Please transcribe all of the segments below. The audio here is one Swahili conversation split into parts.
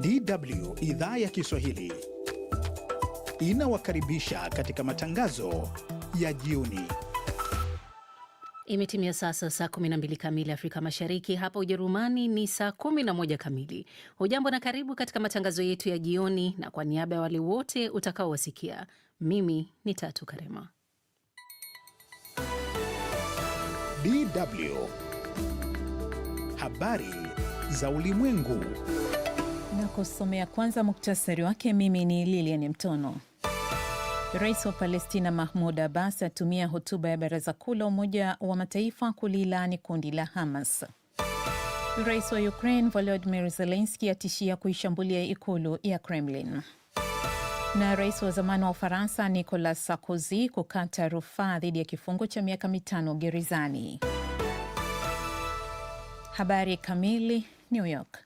DW idhaa ya Kiswahili inawakaribisha katika matangazo ya jioni. Imetimia sasa saa 12 kamili Afrika Mashariki, hapa Ujerumani ni saa 11 kamili. Hujambo na karibu katika matangazo yetu ya jioni, na kwa niaba ya wale wote utakaowasikia, mimi ni Tatu Karema. DW habari za ulimwengu na kusomea kwanza muktasari wake. Mimi ni Lilian Mtono. Rais wa Palestina Mahmud Abbas atumia hotuba ya Baraza Kuu la Umoja wa Mataifa kulilaani kundi la Hamas. Rais wa Ukraine volodimir zelenski atishia kuishambulia ikulu ya Kremlin. Na rais wa zamani wa Ufaransa Nicolas Sarkozy kukata rufaa dhidi ya kifungo cha miaka mitano gerezani. Habari kamili. New York.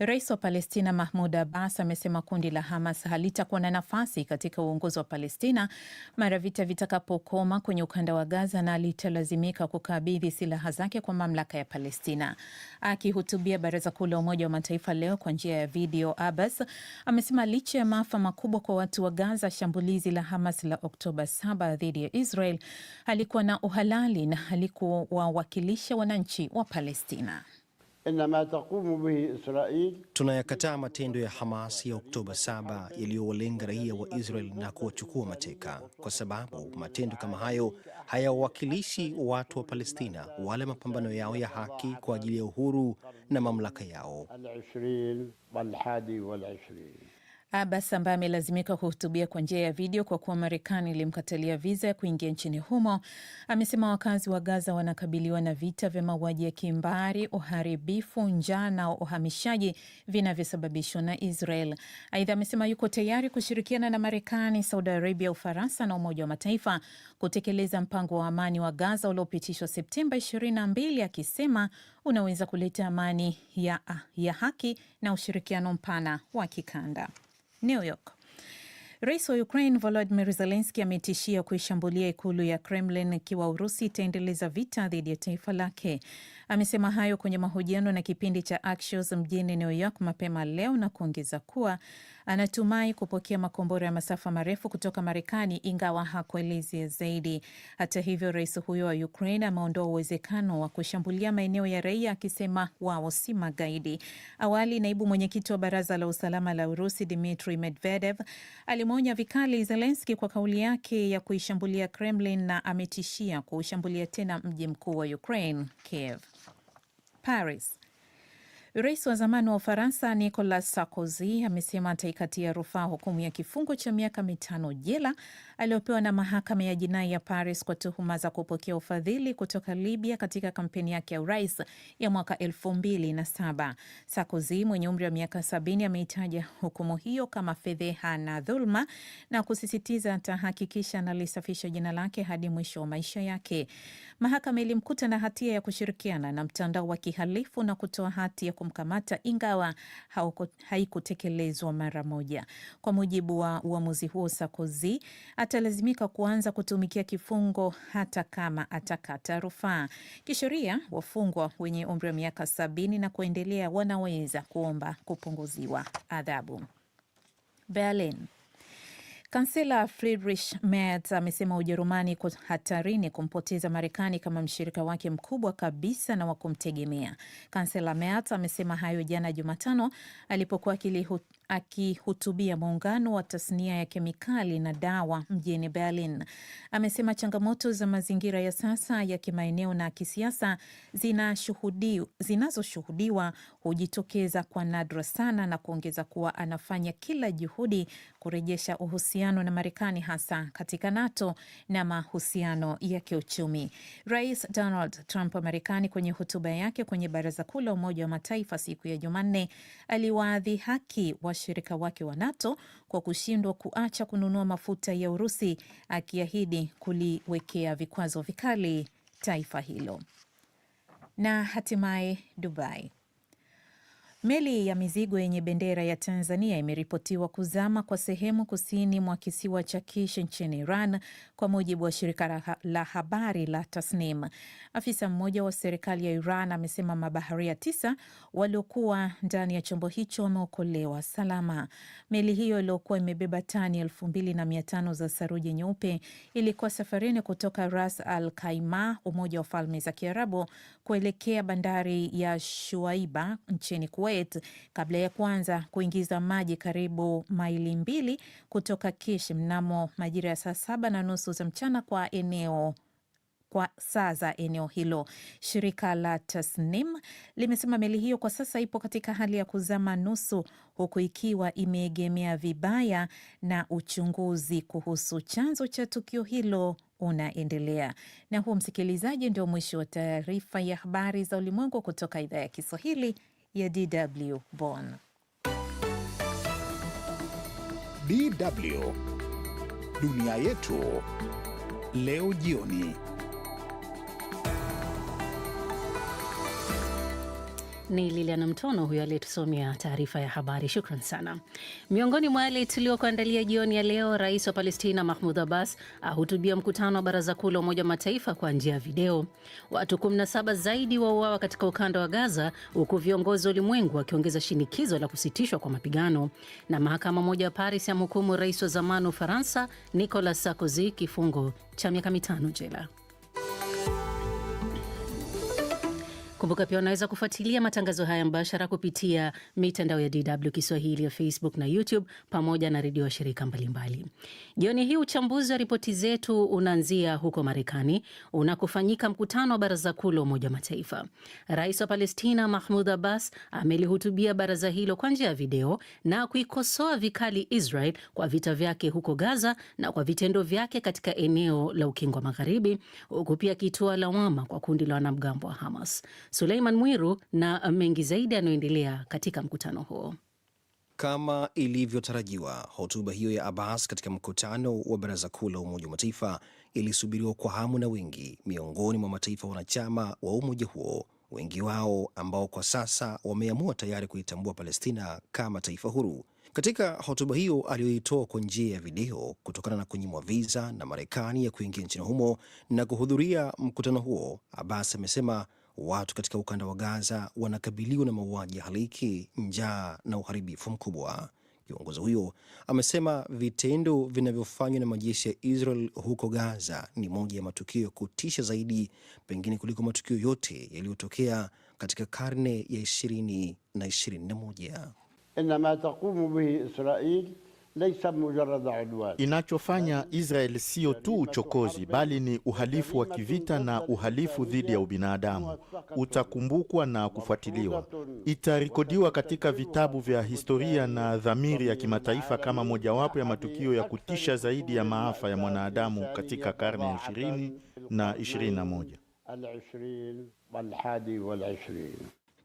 Rais wa Palestina Mahmud Abbas amesema kundi la Hamas halitakuwa na nafasi katika uongozi wa Palestina mara vita vitakapokoma kwenye ukanda wa Gaza na litalazimika kukabidhi silaha zake kwa mamlaka ya Palestina. Akihutubia Baraza Kuu la Umoja wa Mataifa leo kwa njia ya video, Abbas amesema licha ya maafa makubwa kwa watu wa Gaza, shambulizi la Hamas la Oktoba 7 dhidi ya Israel halikuwa na uhalali na halikuwawakilisha wananchi wa Palestina. Tunayakataa matendo ya Hamas ya Oktoba 7 yaliyowalenga raia wa Israel na kuwachukua mateka, kwa sababu matendo kama hayo hayawakilishi watu wa Palestina wala mapambano yao ya haki kwa ajili ya uhuru na mamlaka yao. Abbas ambaye amelazimika kuhutubia kwa njia ya video kwa kuwa Marekani ilimkatalia viza ya kuingia nchini humo, amesema wakazi wa Gaza wanakabiliwa na vita vya mauaji ya kimbari, uharibifu, njaa na uhamishaji vinavyosababishwa na Israel. Aidha, amesema yuko tayari kushirikiana na Marekani, Saudi Arabia, Ufaransa na Umoja wa Mataifa kutekeleza mpango wa amani wa Gaza uliopitishwa Septemba 22 akisema unaweza kuleta amani ya, ya haki na ushirikiano mpana wa kikanda. New York. Rais wa Ukraine Volodymyr Zelensky ametishia kuishambulia ikulu ya Kremlin ikiwa Urusi itaendeleza vita dhidi ya taifa lake. Amesema hayo kwenye mahojiano na kipindi cha Axios mjini New York mapema leo na kuongeza kuwa anatumai kupokea makombora ya masafa marefu kutoka Marekani, ingawa hakuelezea zaidi. Hata hivyo, rais huyo wa Ukraine ameondoa uwezekano wa kushambulia maeneo ya raia, akisema wao si magaidi. Awali, naibu mwenyekiti wa baraza la usalama la Urusi Dmitri Medvedev alimwonya vikali Zelenski kwa kauli yake ya kuishambulia Kremlin na ametishia kuushambulia tena mji mkuu wa Ukraine, Kiev. Paris. Rais wa zamani wa Ufaransa Nicolas Sarkozy amesema ataikatia rufaa hukumu ya kifungo cha miaka mitano jela aliopewa na mahakama ya jinai ya Paris kwa tuhuma za kupokea ufadhili kutoka Libya katika kampeni yake ya urais ya mwaka elfu mbili na saba. Sarkozy mwenye umri wa miaka sabini ameitaja hukumu hiyo kama fedheha na dhuluma na kusisitiza atahakikisha analisafisha jina lake hadi mwisho wa maisha yake. Mahakama ilimkuta na hatia ya kushirikiana na mtandao wa kihalifu na kutoa hati ya kumkamata ingawa haikutekelezwa mara moja. Kwa mujibu wa uamuzi huo Sarkozy atalazimika kuanza kutumikia kifungo hata kama atakata rufaa. Kisheria, wafungwa wenye umri wa miaka sabini na kuendelea wanaweza kuomba kupunguziwa adhabu. Berlin. Kansela Friedrich Merz amesema Ujerumani iko hatarini kumpoteza Marekani kama mshirika wake mkubwa kabisa na wa kumtegemea. Kansela Merz amesema hayo jana Jumatano alipokuwa Akihutubia muungano wa tasnia ya kemikali na dawa mjini Berlin, amesema changamoto za mazingira ya sasa ya kimaeneo na kisiasa zinazoshuhudiwa hujitokeza kwa nadra sana, na kuongeza kuwa anafanya kila juhudi kurejesha uhusiano na Marekani hasa katika NATO na mahusiano ya kiuchumi. Rais Donald Trump wa Marekani kwenye hotuba yake kwenye Baraza Kuu la Umoja wa Mataifa siku ya Jumanne aliwaadhi haki washirika wake wa NATO kwa kushindwa kuacha kununua mafuta ya Urusi, akiahidi kuliwekea vikwazo vikali taifa hilo. Na hatimaye Dubai Meli ya mizigo yenye bendera ya Tanzania imeripotiwa kuzama kwa sehemu kusini mwa kisiwa cha Kish nchini Iran, kwa mujibu wa shirika la habari la Tasnim. Afisa mmoja wa serikali ya Iran amesema mabaharia tisa waliokuwa ndani ya chombo hicho wameokolewa salama. Meli hiyo iliyokuwa imebeba tani elfu na mia tano za saruji nyeupe ilikuwa safarini kutoka Ras Al kaima Umoja wa Falme za Kiarabu, kuelekea bandari ya Shuaiba nchini Kuwait Kuwait kabla ya kuanza kuingiza maji karibu maili mbili kutoka Kish mnamo majira ya saa saba na nusu za mchana kwa eneo kwa saa za eneo hilo. Shirika la Tasnim limesema meli hiyo kwa sasa ipo katika hali ya kuzama nusu, huku ikiwa imeegemea vibaya na uchunguzi kuhusu chanzo cha tukio hilo unaendelea. Na huo, msikilizaji, ndio mwisho wa taarifa ya habari za ulimwengu kutoka idhaa ya Kiswahili ya DW Bonn. DW Dunia Yetu Leo Jioni. Ni Liliana Mtono huyo aliyetusomea taarifa ya habari. Shukran sana. Miongoni mwa yale tuliokuandalia jioni ya leo, rais wa Palestina Mahmud Abbas ahutubia mkutano wa baraza kuu la Umoja wa Mataifa kwa njia ya video. Watu 17 zaidi wauawa katika ukanda wa Gaza, huku viongozi wa ulimwengu wakiongeza shinikizo la kusitishwa kwa mapigano. Na mahakama moja ya Paris yamhukumu rais wa zamani wa Ufaransa Nicolas Sarkozy kifungo cha miaka mitano jela. Kumbuka pia unaweza kufuatilia matangazo haya mbashara kupitia mitandao ya DW Kiswahili ya Facebook na YouTube pamoja na redio washirika mbalimbali. Jioni hii uchambuzi wa ripoti zetu unaanzia huko Marekani unakofanyika mkutano wa Baraza Kuu la Umoja wa Mataifa. Rais wa Palestina Mahmud Abbas amelihutubia baraza hilo kwa njia ya video na kuikosoa vikali Israel kwa vita vyake huko Gaza na kwa vitendo vyake katika eneo la Ukingo wa Magharibi, huku pia akitoa lawama kwa kundi la wanamgambo wa Hamas. Suleiman Mwiru na mengi zaidi yanayoendelea katika mkutano huo. Kama ilivyotarajiwa, hotuba hiyo ya Abbas katika mkutano wa Baraza Kuu la Umoja wa Mataifa ilisubiriwa kwa hamu na wengi miongoni mwa mataifa wanachama wa umoja huo, wengi wao ambao kwa sasa wameamua tayari kuitambua Palestina kama taifa huru. Katika hotuba hiyo aliyoitoa kwa njia ya video kutokana na kunyimwa viza na Marekani ya kuingia nchini humo na kuhudhuria mkutano huo, Abbas amesema watu katika ukanda wa Gaza wanakabiliwa na mauaji ya halaiki, njaa na uharibifu mkubwa. Kiongozi huyo amesema vitendo vinavyofanywa na majeshi ya Israel huko Gaza ni moja ya matukio ya kutisha zaidi, pengine kuliko matukio yote yaliyotokea katika karne ya ishirini na ishirini na moja. inma taqumu bihi Inachofanya Israel siyo tu uchokozi bali ni uhalifu wa kivita na uhalifu dhidi ya ubinadamu. Utakumbukwa na kufuatiliwa, itarekodiwa katika vitabu vya historia na dhamiri ya kimataifa kama mojawapo ya matukio ya kutisha zaidi ya maafa ya mwanadamu katika karne ya 20 na 21.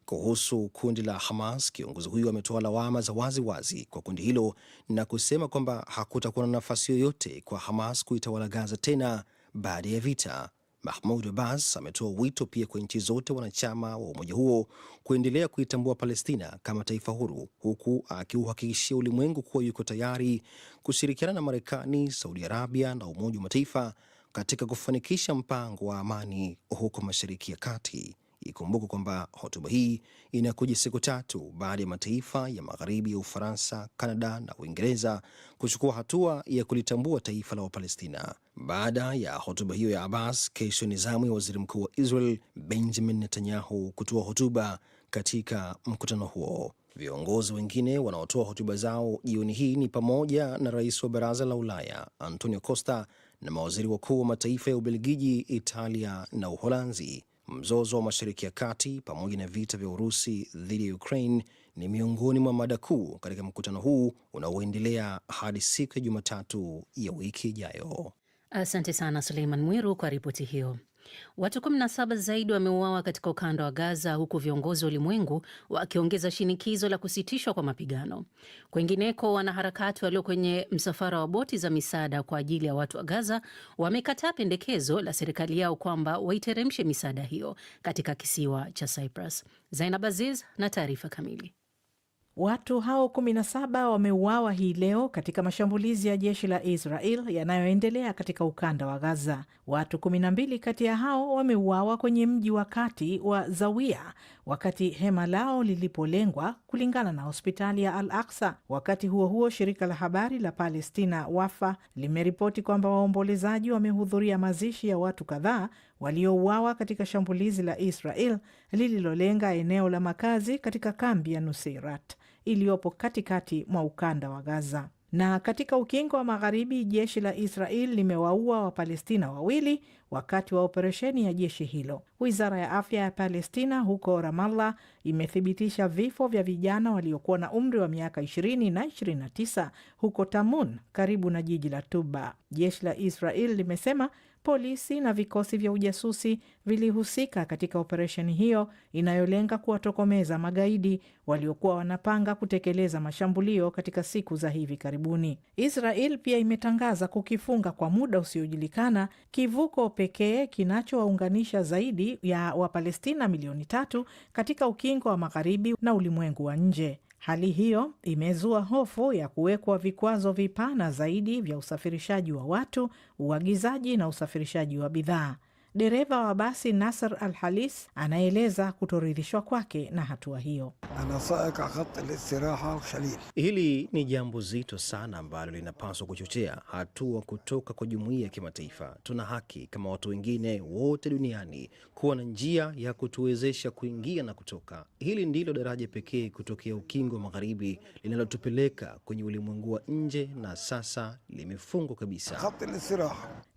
Kuhusu kundi la Hamas, kiongozi huyo ametoa lawama za wazi wazi kwa kundi hilo na kusema kwamba hakutakuwa na nafasi yoyote kwa Hamas kuitawala Gaza tena baada ya vita. Mahmud Abbas ametoa wito pia kwa nchi zote wanachama wa umoja huo kuendelea kuitambua Palestina kama taifa huru, huku akiuhakikishia ulimwengu kuwa yuko tayari kushirikiana na Marekani, Saudi Arabia na Umoja wa Mataifa katika kufanikisha mpango wa amani huko Mashariki ya Kati. Ikumbukwe kwamba hotuba hii inakuja siku tatu baada ya mataifa ya magharibi ya Ufaransa, Kanada na Uingereza kuchukua hatua ya kulitambua taifa la Wapalestina. Baada ya hotuba hiyo ya Abbas, kesho ni zamu ya waziri mkuu wa Israel Benjamin Netanyahu kutoa hotuba katika mkutano huo. Viongozi wengine wanaotoa hotuba zao jioni hii ni pamoja na rais wa Baraza la Ulaya Antonio Costa na mawaziri wakuu wa mataifa ya Ubelgiji, Italia na Uholanzi. Mzozo wa Mashariki ya Kati pamoja na vita vya Urusi dhidi ya Ukraine ni miongoni mwa mada kuu katika mkutano huu unaoendelea hadi siku ya Jumatatu ya wiki ijayo. Asante sana Suleiman Mwiru kwa ripoti hiyo. Watu 17 zaidi wameuawa katika ukanda wa Gaza, huku viongozi wa ulimwengu wakiongeza shinikizo la kusitishwa kwa mapigano. Kwengineko, wanaharakati walio kwenye msafara wa boti za misaada kwa ajili ya watu wa Gaza wamekataa pendekezo la serikali yao kwamba waiteremshe misaada hiyo katika kisiwa cha Cyprus. Zainab Aziz na taarifa kamili. Watu hao 17 wameuawa hii leo katika mashambulizi ya jeshi la Israel yanayoendelea katika ukanda wa Gaza. Watu 12 kati ya hao wameuawa kwenye mji wa kati wa Zawiya wakati hema lao lilipolengwa, kulingana na hospitali ya Al Aksa. Wakati huo huo, shirika la habari la Palestina Wafa limeripoti kwamba waombolezaji wamehudhuria mazishi ya watu kadhaa waliouawa katika shambulizi la Israel lililolenga eneo la makazi katika kambi ya Nusirat iliyopo katikati mwa ukanda wa Gaza. Na katika ukingo wa magharibi, jeshi la Israel limewaua Wapalestina wawili wakati wa operesheni ya jeshi hilo. Wizara ya afya ya Palestina huko Ramallah imethibitisha vifo vya vijana waliokuwa na umri wa miaka 20 na 29 huko Tamun, karibu na jiji la Tuba. Jeshi la Israel limesema Polisi na vikosi vya ujasusi vilihusika katika operesheni hiyo inayolenga kuwatokomeza magaidi waliokuwa wanapanga kutekeleza mashambulio katika siku za hivi karibuni. Israel pia imetangaza kukifunga kwa muda usiojulikana kivuko pekee kinachowaunganisha zaidi ya Wapalestina milioni tatu katika ukingo wa magharibi na ulimwengu wa nje. Hali hiyo imezua hofu ya kuwekwa vikwazo vipana zaidi vya usafirishaji wa watu, uagizaji na usafirishaji wa bidhaa. Dereva wa basi Nasr Al Halis anaeleza kutoridhishwa kwake na hatua hiyo. Hili ni jambo zito sana ambalo linapaswa kuchochea hatua kutoka kwa jumuiya ya kimataifa. Tuna haki kama watu wengine wote duniani kuwa na njia ya kutuwezesha kuingia na kutoka. Hili ndilo daraja pekee kutokea ukingo wa magharibi linalotupeleka kwenye ulimwengu wa nje, na sasa limefungwa kabisa.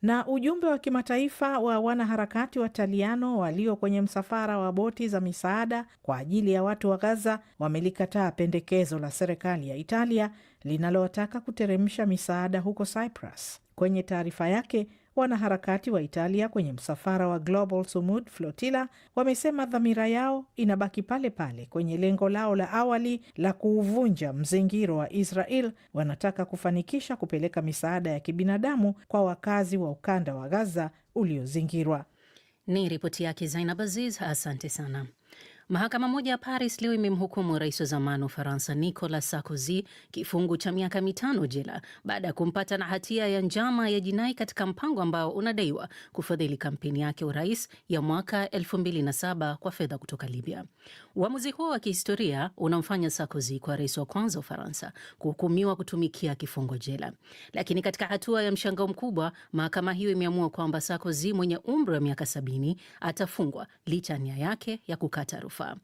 Na ujumbe wa kimataifa wa wana wanaharakati taliano walio kwenye msafara wa boti za misaada kwa ajili ya watu wa Gaza wamelikataa pendekezo la serikali ya Italia linalowataka kuteremsha misaada huko Cyprus. Kwenye taarifa yake, wanaharakati wa Italia kwenye msafara wa Global Sumud flotila wamesema dhamira yao inabaki pale pale kwenye lengo lao la awali la kuuvunja mzingiro wa Israel. Wanataka kufanikisha kupeleka misaada ya kibinadamu kwa wakazi wa ukanda wa Gaza uliozingirwa. Ni ripoti yake Zainab Aziz, asante sana. Mahakama moja ya Paris leo imemhukumu rais wa zamani wa Ufaransa Nicolas Sarkozy kifungu cha miaka mitano jela baada ya kumpata na hatia ya njama ya jinai katika mpango ambao unadaiwa kufadhili kampeni yake urais ya mwaka 2007 kwa fedha kutoka Libya. Uamuzi huo wa kihistoria unamfanya Sarkozy kwa rais wa kwanza wa Ufaransa kuhukumiwa kutumikia kifungo jela. Lakini katika hatua ya mshangao mkubwa, mahakama hiyo imeamua kwamba Sarkozy mwenye umri wa miaka sabini atafungwa licha nia yake ya kukata rufaa taifa.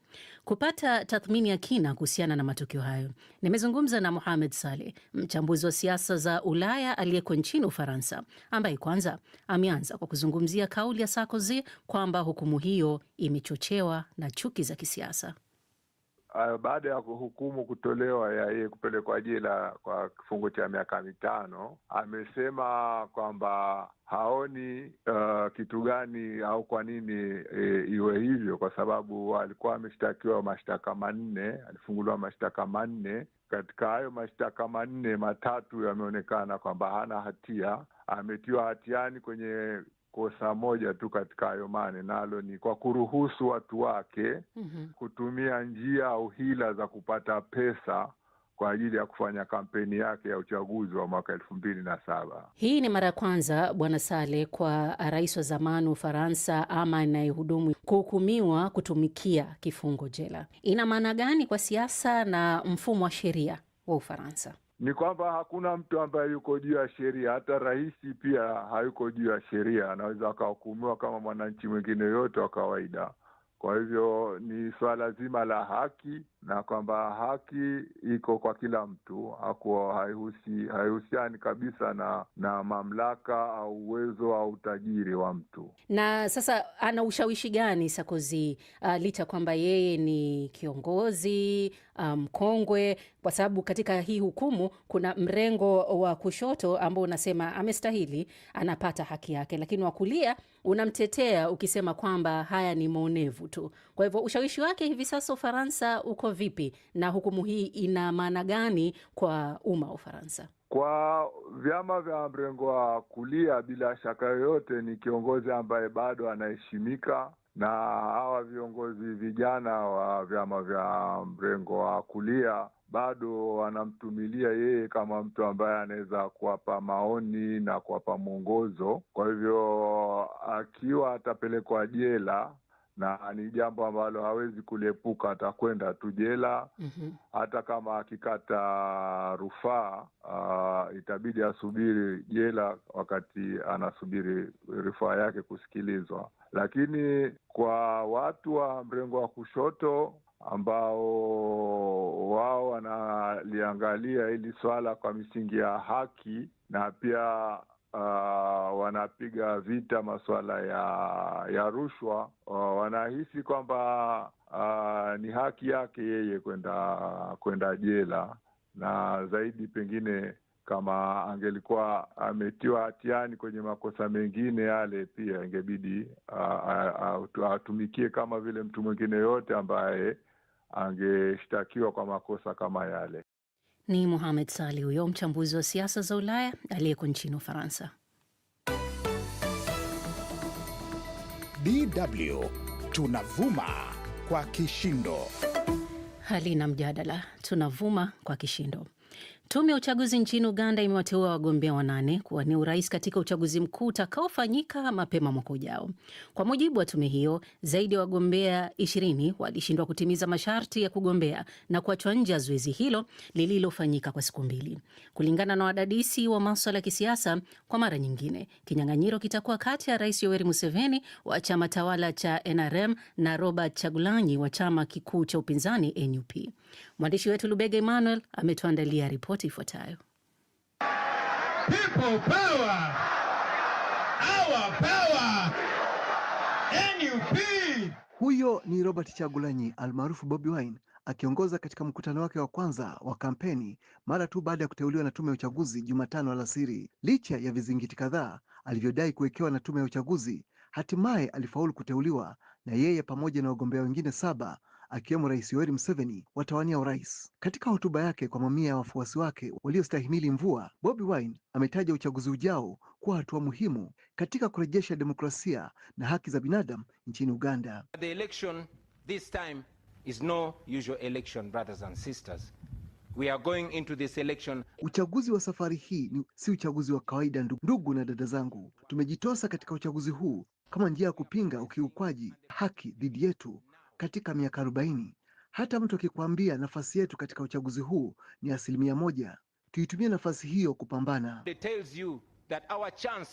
Kupata tathmini ya kina kuhusiana na matukio hayo, nimezungumza na Mohamed Saleh, mchambuzi wa siasa za Ulaya aliyeko nchini Ufaransa, ambaye kwanza ameanza kwa kuzungumzia kauli ya Sarkozy kwamba hukumu hiyo imechochewa na chuki za kisiasa uh, baada ya hukumu kutolewa ya yeye kupelekwa jela kwa kifungo cha miaka mitano, amesema kwamba haoni uh, kitu gani au kwa nini e, iwe hivyo, kwa sababu alikuwa ameshtakiwa mashtaka manne, alifunguliwa mashtaka manne. Katika hayo mashtaka manne, matatu yameonekana kwamba hana hatia, ametiwa hatiani kwenye kosa moja tu katika hayo mane nalo ni kwa kuruhusu watu wake mm -hmm. kutumia njia au hila za kupata pesa kwa ajili ya kufanya kampeni yake ya uchaguzi wa mwaka elfu mbili na saba. Hii ni mara ya kwanza Bwana Sale kwa rais wa zamani Ufaransa ama anayehudumu kuhukumiwa kutumikia kifungo jela. Ina maana gani kwa siasa na mfumo wa sheria wa Ufaransa? ni kwamba hakuna mtu ambaye yuko juu ya sheria. Hata rais pia hayuko juu ya sheria, anaweza akahukumiwa kama mwananchi mwingine yoyote wa kawaida. Kwa hivyo ni swala zima la haki na kwamba haki iko kwa kila mtu, hakuwa haihusi haihusiani kabisa na na mamlaka au uwezo au utajiri wa mtu. Na sasa ana ushawishi gani Sarkozy, uh, licha kwamba yeye ni kiongozi ah, mkongwe, um, kwa sababu katika hii hukumu kuna mrengo wa kushoto ambao unasema amestahili, anapata haki yake, lakini wa kulia unamtetea ukisema kwamba haya ni maonevu tu. Kwa hivyo ushawishi wake hivi sasa Ufaransa uko vipi na hukumu hii ina maana gani kwa umma wa Ufaransa? Kwa vyama vya mrengo wa kulia, bila shaka yoyote ni kiongozi ambaye bado anaheshimika na hawa viongozi vijana wa vyama vya mrengo wa kulia bado wanamtumilia yeye kama mtu ambaye anaweza kuwapa maoni na kuwapa mwongozo. Kwa hivyo akiwa atapelekwa jela, na ni jambo ambalo hawezi kuliepuka, atakwenda tu jela mm -hmm. Hata kama akikata rufaa uh, itabidi asubiri jela wakati anasubiri rufaa yake kusikilizwa. Lakini kwa watu wa mrengo wa kushoto ambao wao wanaliangalia hili swala kwa misingi ya haki na pia uh, wanapiga vita masuala ya ya rushwa uh, wanahisi kwamba uh, ni haki yake yeye kwenda kwenda jela, na zaidi pengine kama angelikuwa ametiwa hatiani kwenye makosa mengine yale, pia ingebidi uh, atumikie kama vile mtu mwingine yote ambaye angeshtakiwa kwa makosa kama yale. Ni muhamed sali huyo mchambuzi wa siasa za Ulaya aliyeko nchini Ufaransa. DW tunavuma kwa kishindo. Hali na mjadala tunavuma kwa kishindo. Tume ya uchaguzi nchini Uganda imewateua wagombea wanane kuwania urais katika uchaguzi mkuu utakaofanyika mapema mwaka ujao. Kwa mujibu wa tume hiyo, zaidi ya wagombea ishirini walishindwa kutimiza masharti ya kugombea na kuachwa nje ya zoezi hilo lililofanyika kwa siku mbili, kulingana na wadadisi wa maswala ya kisiasa. Kwa mara nyingine, kinyang'anyiro kitakuwa kati ya Rais Yoweri Museveni wa chama tawala cha NRM na Robert Chagulanyi wa chama kikuu cha upinzani NUP. Mwandishi wetu Lubega Emmanuel ametuandalia ripoti ripoti ifuatayo. Huyo ni Robert Chagulanyi almaarufu Bobi Wine akiongoza katika mkutano wake wa kwanza wa kampeni mara tu baada ya kuteuliwa na tume ya uchaguzi Jumatano alasiri. Licha ya vizingiti kadhaa alivyodai kuwekewa na tume ya uchaguzi, hatimaye alifaulu kuteuliwa na yeye pamoja na wagombea wengine saba akiwemo Rais Yoweri Museveni watawania urais. Katika hotuba yake kwa mamia ya wafuasi wake waliostahimili mvua, Bobi Wine ametaja uchaguzi ujao kuwa hatua muhimu katika kurejesha demokrasia na haki za binadamu nchini Uganda. The election this time is no usual election, brothers and sisters. We are going into this election. Uchaguzi wa safari hii ni si uchaguzi wa kawaida, ndugu na dada zangu. Tumejitosa katika uchaguzi huu kama njia ya kupinga ukiukwaji haki dhidi yetu katika miaka arobaini. Hata mtu akikwambia nafasi yetu katika uchaguzi huu ni asilimia moja, tuitumie nafasi hiyo kupambana. tells you that our chance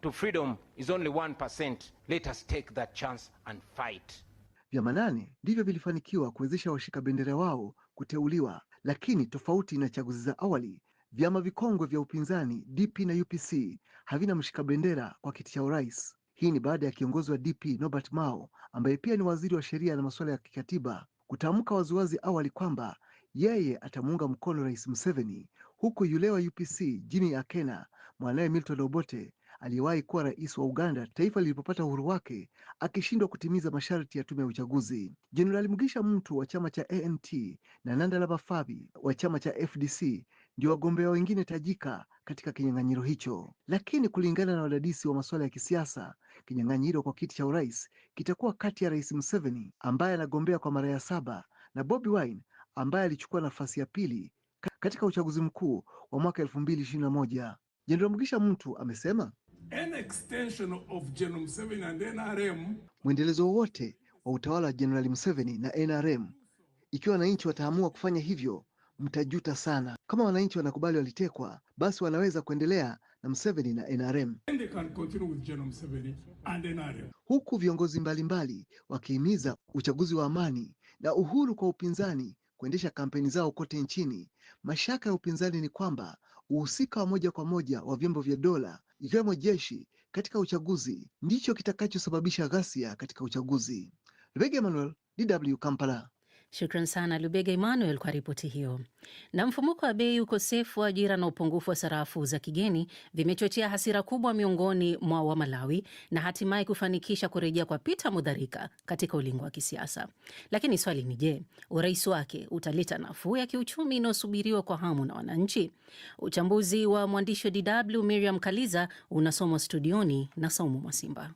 to freedom is only 1%. Let us take that chance and fight. Vyama nane ndivyo vilifanikiwa kuwezesha washika bendera wao kuteuliwa, lakini tofauti na chaguzi za awali, vyama vikongwe vya upinzani DP na UPC havina mshika bendera kwa kiti cha urais. Hii ni baada ya kiongozi wa DP Norbert Mao ambaye pia ni waziri wa sheria na masuala ya kikatiba kutamka waziwazi awali kwamba yeye atamuunga mkono Rais Museveni, huku yule wa UPC Jimmy Akena mwanaye Milton Obote aliyewahi kuwa rais wa Uganda taifa lilipopata uhuru wake akishindwa kutimiza masharti ya tume ya uchaguzi. Jenerali Mugisha Muntu wa chama cha ANT na Nandalaba Fabi wa chama cha FDC ndio wagombea wengine tajika katika kinyang'anyiro hicho, lakini kulingana na wadadisi wa masuala ya kisiasa Kinyang'anyiro kwa kiti cha urais kitakuwa kati ya Rais Museveni ambaye anagombea kwa mara ya saba na Bobi Wine ambaye alichukua nafasi ya pili katika uchaguzi mkuu wa mwaka elfu mbili ishirini na moja. Jenerali Mugisha Muntu amesema mwendelezo wowote wa utawala wa Jenerali Museveni na NRM, ikiwa wananchi wataamua kufanya hivyo, mtajuta sana. Kama wananchi wanakubali walitekwa, basi wanaweza kuendelea na mseveni na NRM, NRM. Huku viongozi mbalimbali wakihimiza uchaguzi wa amani na uhuru kwa upinzani kuendesha kampeni zao kote nchini, mashaka ya upinzani ni kwamba uhusika wa moja kwa moja wa vyombo vya dola ikiwemo jeshi katika uchaguzi ndicho kitakachosababisha ghasia katika uchaguzi. Rebecca Emmanuel, DW Kampala. Shukran sana Lubega Emmanuel kwa ripoti hiyo. Na mfumuko wa bei, ukosefu wa ajira na upungufu wa sarafu za kigeni vimechochea hasira kubwa miongoni mwa Wamalawi na hatimaye kufanikisha kurejea kwa Peter Mutharika katika ulingo wa kisiasa. Lakini swali ni je, urais wake utaleta nafuu ya kiuchumi inayosubiriwa kwa hamu na wananchi? Uchambuzi wa mwandishi wa DW Miriam Kaliza unasomwa studioni na Saumu Mwasimba.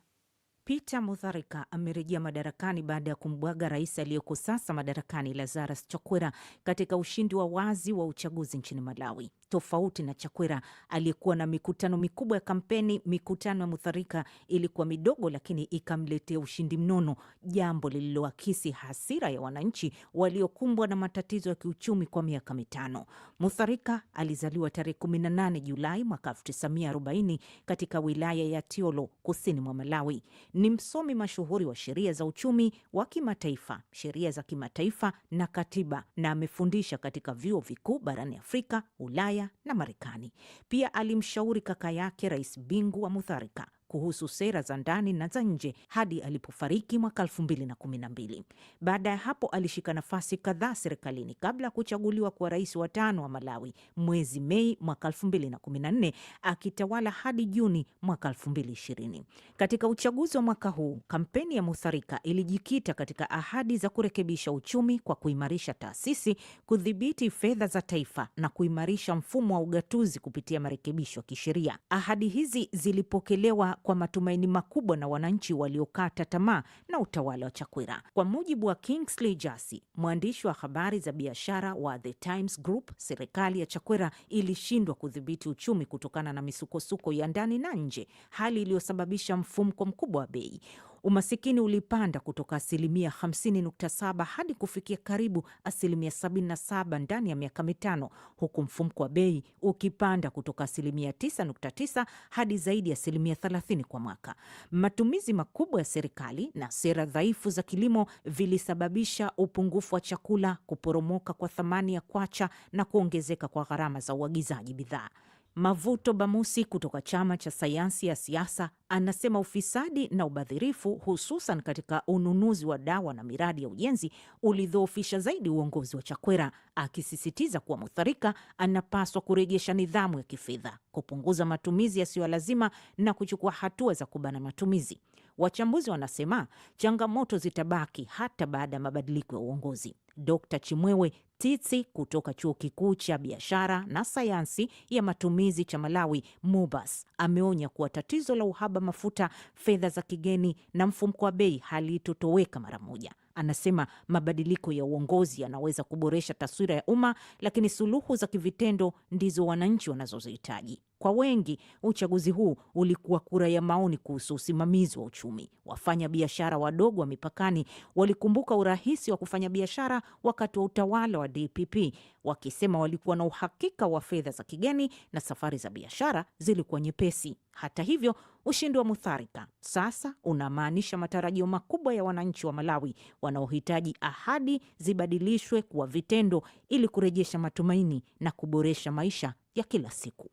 Peter Mutharika amerejea madarakani baada ya kumbwaga rais aliyoko sasa madarakani Lazarus Chakwera katika ushindi wa wazi wa uchaguzi nchini Malawi tofauti na Chakwera aliyekuwa na mikutano mikubwa ya kampeni. Mikutano ya Mutharika ilikuwa midogo, lakini ikamletea ushindi mnono, jambo lililoakisi hasira ya wananchi waliokumbwa na matatizo ya kiuchumi kwa miaka mitano. Mutharika alizaliwa tarehe 18 Julai mwaka 1940 katika wilaya ya Tiolo, kusini mwa Malawi. Ni msomi mashuhuri wa sheria za uchumi wa kimataifa, sheria za kimataifa na katiba, na amefundisha katika vyuo vikuu barani Afrika, Ulaya Ulaya na Marekani. Pia alimshauri kaka yake Rais Bingu wa Mutharika kuhusu sera za ndani na za nje hadi alipofariki mwaka 212 Baada ya hapo alishika nafasi kadhaa serikalini kabla ya kuchaguliwa kuwa rais wa tano wa Malawi mwezi Mei mwaka 214 akitawala hadi Juni mwaka 220 Katika uchaguzi wa mwaka huu, kampeni ya Mutharika ilijikita katika ahadi za kurekebisha uchumi kwa kuimarisha taasisi, kudhibiti fedha za taifa na kuimarisha mfumo wa ugatuzi kupitia marekebisho ya kisheria. Ahadi hizi zilipokelewa kwa matumaini makubwa na wananchi waliokata tamaa na utawala wa Chakwera. Kwa mujibu wa Kingsley Jasi, mwandishi wa habari za biashara wa The Times Group, serikali ya Chakwera ilishindwa kudhibiti uchumi kutokana na misukosuko ya ndani na nje, hali iliyosababisha mfumko mkubwa wa bei umasikini ulipanda kutoka asilimia 50.7 hadi kufikia karibu asilimia 77 ndani ya miaka mitano, huku mfumko wa bei ukipanda kutoka asilimia 9.9 hadi zaidi ya asilimia 30 kwa mwaka. Matumizi makubwa ya serikali na sera dhaifu za kilimo vilisababisha upungufu wa chakula, kuporomoka kwa thamani ya kwacha na kuongezeka kwa gharama za uagizaji bidhaa. Mavuto Bamusi kutoka chama cha sayansi ya siasa anasema ufisadi na ubadhirifu hususan katika ununuzi wa dawa na miradi ya ujenzi ulidhoofisha zaidi uongozi wa Chakwera, akisisitiza kuwa Mutharika anapaswa kurejesha nidhamu ya kifedha, kupunguza matumizi yasiyo lazima na kuchukua hatua za kubana matumizi. Wachambuzi wanasema changamoto zitabaki hata baada ya mabadiliko ya uongozi. Dkt Chimwewe Titsi kutoka Chuo Kikuu cha Biashara na Sayansi ya Matumizi cha Malawi, MUBAS, ameonya kuwa tatizo la uhaba mafuta, fedha za kigeni na mfumko wa bei halitotoweka mara moja. Anasema mabadiliko ya uongozi yanaweza kuboresha taswira ya umma, lakini suluhu za kivitendo ndizo wananchi wanazozihitaji. Kwa wengi uchaguzi huu ulikuwa kura ya maoni kuhusu usimamizi wa uchumi. wafanya biashara wadogo wa mipakani walikumbuka urahisi wa kufanya biashara wakati wa utawala wa DPP, wakisema walikuwa na uhakika wa fedha za kigeni na safari za biashara zilikuwa nyepesi. Hata hivyo, ushindi wa Mutharika sasa unamaanisha matarajio makubwa ya wananchi wa Malawi wanaohitaji ahadi zibadilishwe kuwa vitendo ili kurejesha matumaini na kuboresha maisha ya kila siku.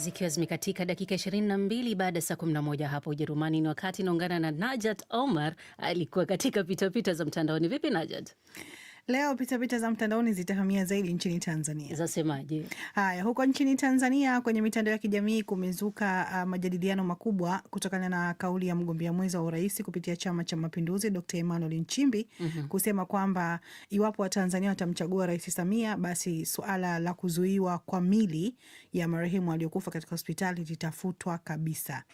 Zikiwa zimekatika dakika 22 baada ya saa 11 hapo Ujerumani, ni wakati inaungana na Najat Omar alikuwa katika pitapita za mtandaoni. Vipi Najat? Leo pitapita za mtandaoni zitahamia zaidi nchini Tanzania. Zasemaje? Haya, huko nchini Tanzania kwenye mitandao ya kijamii kumezuka uh, majadiliano makubwa kutokana na kauli ya mgombea mwenza wa urais kupitia Chama cha Mapinduzi Dr. Emmanuel Nchimbi mm -hmm. kusema kwamba iwapo Watanzania watamchagua Rais Samia basi suala la kuzuiwa kwa mili ya marehemu aliyokufa katika hospitali litafutwa kabisa,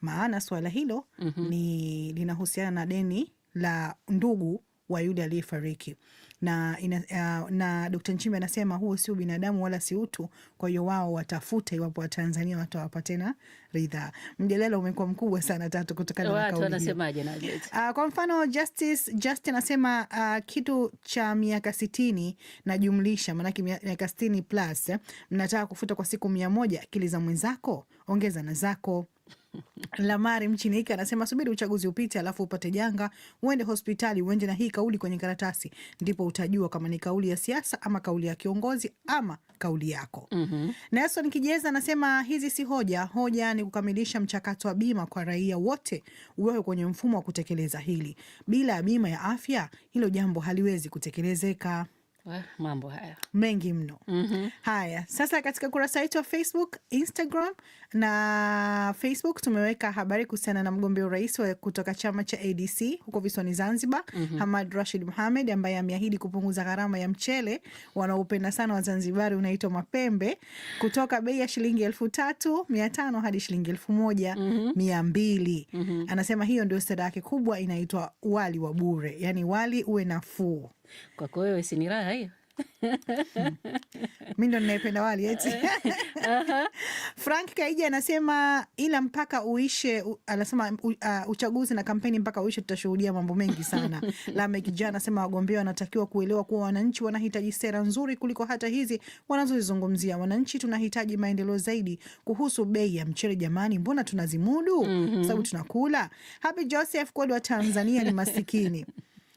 maana suala hilo mm -hmm. ni linahusiana na deni la ndugu wa yule aliyefariki na, uh, na Dkt. Nchimbi anasema huo sio binadamu wala si utu. Kwa hiyo wao watafuta iwapo Watanzania watawapa tena ridhaa. Mjadala umekuwa mkubwa sana Tatu, kutokana na kauli Uh, kwa mfano Justice Justin anasema uh, kitu cha miaka sitini najumlisha, maanake miaka sitini plus eh, mnataka kufuta kwa siku mia moja. Akili za mwenzako ongeza na zako. Lamari mchini hiki anasema subiri uchaguzi upite, alafu upate janga, uende hospitali, uende na hii kauli kwenye karatasi, ndipo utajua kama ni kauli ya siasa ama kauli ya kiongozi ama kauli yako. mm -hmm. Nelson Kijeza anasema hizi si hoja, hoja ni kukamilisha mchakato wa bima kwa raia wote, uwewe kwenye mfumo wa kutekeleza hili. Bila ya bima ya afya, hilo jambo haliwezi kutekelezeka. Eh, mambo haya mengi mno. mm -hmm. Haya, sasa katika kurasa yetu wa Facebook, Instagram na Facebook tumeweka habari kuhusiana na mgombea urais kutoka chama cha ADC huko visiwani Zanzibar, mm -hmm. Hamad Rashid Mohamed ambaye ameahidi kupunguza gharama ya mchele wanaopenda sana Wazanzibari unaitwa mapembe kutoka bei ya shilingi elfu tatu mia tano hadi shilingi elfu moja mm -hmm. mia mbili mm -hmm. Anasema hiyo ndio sada yake kubwa, inaitwa wali wa bure, yani wali uwe nafuu. Kwako wewe si ni raha hiyo? mi ndo ninayependa wali eti. Frank Kaija anasema ila mpaka uishe anasema uh, uchaguzi na kampeni mpaka uishe tutashuhudia mambo mengi sana. Lamek Ja anasema wagombea wanatakiwa kuelewa kuwa wananchi wanahitaji sera nzuri kuliko hata hizi wanazozizungumzia. Wananchi tunahitaji maendeleo zaidi. Kuhusu bei ya mchele, jamani, mbona tunazimudu? mm -hmm. Sababu tunakula. Happy Joseph Kod wa Tanzania ni masikini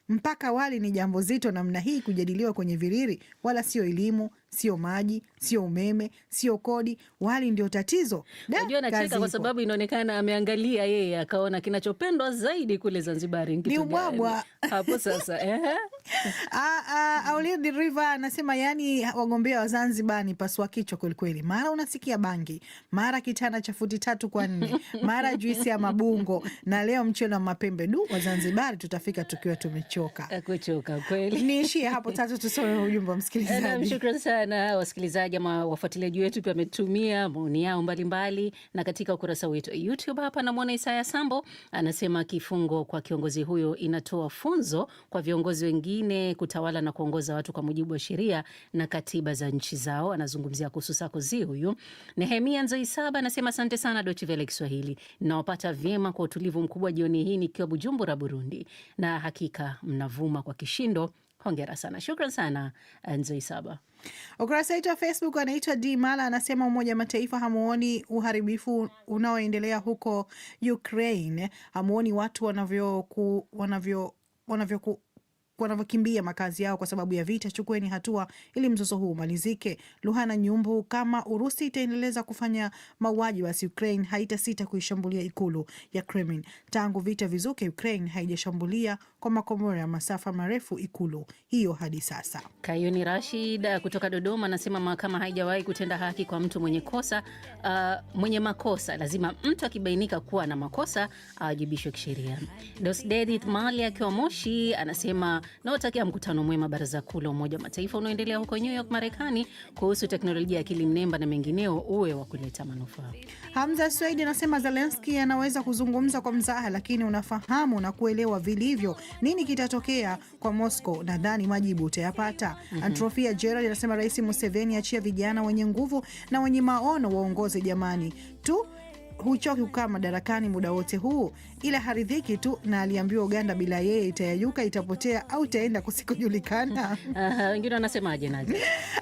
mpaka wali ni jambo zito namna hii kujadiliwa kwenye viriri, wala sio elimu sio maji, sio umeme, sio kodi. Wali ndio tatizo. Unajua anacheka kwa sababu inaonekana ameangalia yeye, akaona kinachopendwa zaidi kule Zanzibar ni ubwabwa hapo sasa. Aulid River anasema yani, wagombea wa Zanzibar ni pasua kichwa kwelikweli, mara unasikia bangi, mara kitana cha futi tatu kwa nne, mara juisi ya mabungo na leo mchele wa mapembe. Du, wa Zanzibar tutafika tukiwa tumechoka kuchoka kweli. Niishie hapo tatu, tusome ujumbe wa msikilizaji sana wasikilizaji ama wafuatiliaji wetu pia wametumia maoni yao mbalimbali, na katika ukurasa wetu YouTube hapa namwona Isaya Sambo anasema kifungo kwa kiongozi huyo inatoa funzo kwa viongozi wengine kutawala na kuongoza watu kwa mujibu wa sheria na katiba za nchi zao. Anazungumzia kuhusu sakozi huyu. Nehemia nzoi saba anasema asante sana dochivele Kiswahili, nawapata vyema kwa utulivu mkubwa jioni hii nikiwa Bujumbura, Burundi, na hakika mnavuma kwa kishindo Hongera sana, shukran sana eh, nzoi Saba. Ukurasa wetu wa Facebook anaitwa D Mala anasema Umoja wa Mataifa hamuoni uharibifu unaoendelea huko Ukraine, hamuoni watu wanavyo wanavyo wanavyoku wanavyokimbia makazi yao kwa sababu ya vita, chukueni hatua ili mzozo huu umalizike. Luhana Nyumbu, kama Urusi itaendeleza kufanya mauaji, basi Ukraine haitasita kuishambulia ikulu ya Kremlin. Tangu vita vizuke, Ukraine haijashambulia kwa makombora ya masafa marefu ikulu hiyo hadi sasa. Kayuni Rashid eh, kutoka Dodoma anasema mahakama haijawahi kutenda haki kwa mtu mwenye kosa, uh, mwenye makosa. Lazima mtu akibainika kuwa na makosa awajibishwe kisheria. Dosdedith Mali akiwa Moshi anasema nawatakia mkutano mwema Baraza Kuu la Umoja wa Mataifa unaoendelea huko New York, Marekani, kuhusu teknolojia ya akili mnemba na mengineo uwe wa kuleta manufaa. Hamza swedi anasema Zelenski anaweza kuzungumza kwa mzaha, lakini unafahamu na kuelewa vilivyo nini kitatokea kwa Moscow. Nadhani majibu utayapata. mm -hmm. Antrofia Gerald anasema Rais Museveni achia vijana wenye nguvu na wenye maono waongoze jamani tu huchoki kukaa madarakani muda wote huu, ila haridhiki tu na aliambiwa Uganda bila yeye itayayuka, itapotea au itaenda kusikujulikana. Wengine wanasemaje? Naja uh,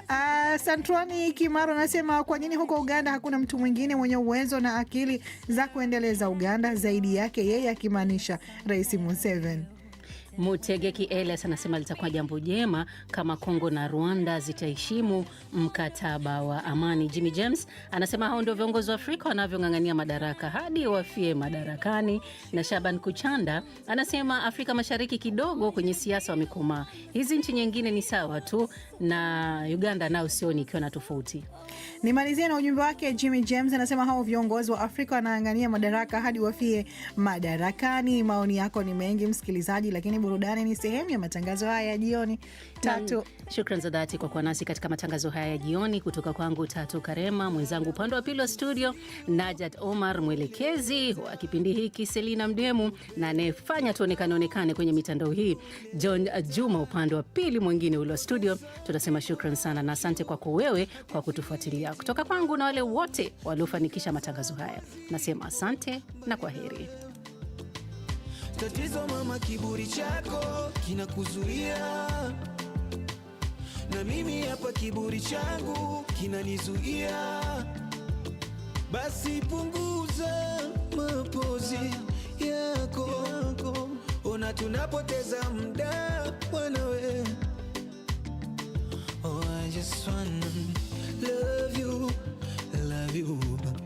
ah, Santroni Kimaro anasema kwa nini huko Uganda hakuna mtu mwingine mwenye uwezo na akili za kuendeleza Uganda zaidi yake yeye, akimaanisha Rais Museveni. Mutegeki Elias anasema litakuwa jambo jema kama Kongo na Rwanda zitaheshimu mkataba wa amani. Jimmy James anasema hao ndio viongozi wa Afrika wanavyong'ang'ania madaraka hadi wafie madarakani. Na Shaban Kuchanda anasema Afrika Mashariki kidogo kwenye siasa wamekomaa, hizi nchi nyingine ni sawa tu, na Uganda nao sioni ikiwa na tofauti. Nimalizie na ujumbe wake Jimmy James anasema hao viongozi wa Afrika wanaang'ania madaraka hadi wafie madarakani. Maoni yako ni mengi msikilizaji, lakini burudani ni sehemu ya matangazo haya ya jioni. Tatu, shukran za dhati kwa kuwa nasi katika matangazo haya ya jioni, kutoka kwangu Tatu Karema, mwenzangu upande wa pili wa studio Najat Omar, mwelekezi wa kipindi hiki Selina Mdemu, na anayefanya tuonekane onekane kwenye mitandao hii John Juma, upande wa pili mwingine ule wa studio. Tunasema shukran sana na asante kwako wewe kwa kutufuatilia. Kutoka kwangu na wale wote waliofanikisha matangazo haya, nasema asante na kwa heri. Tatizo mama, kiburi chako kinakuzuia, na mimi hapa kiburi changu kinanizuia. Basi punguza mapozi yako, ona tunapoteza muda wanawe. Oh, I just wanna love you, love you